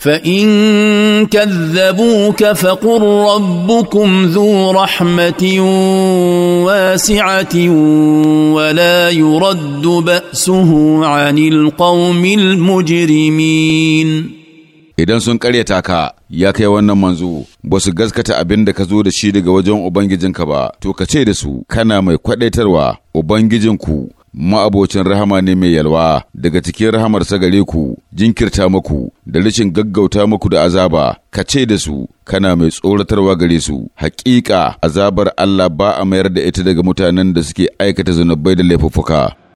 فان كذبوك فقل ربكم ذو رحمه واسعه ولا يرد باسه عن القوم المجرمين idan sun karya ka ya kai wannan manzo ba su gaskata abin da ka zo da shi daga wajen ubangijinka ba to ka ce da su kana mai ubangijin ubangijinku ma'abocin rahama ne mai yalwa daga cikin rahamar gare ku jinkirta muku da rashin gaggauta muku da azaba ka ce da su kana mai tsoratarwa gare su hakika azabar Allah ba a mayar da ita daga mutanen da suke aikata zunubai da laifuffuka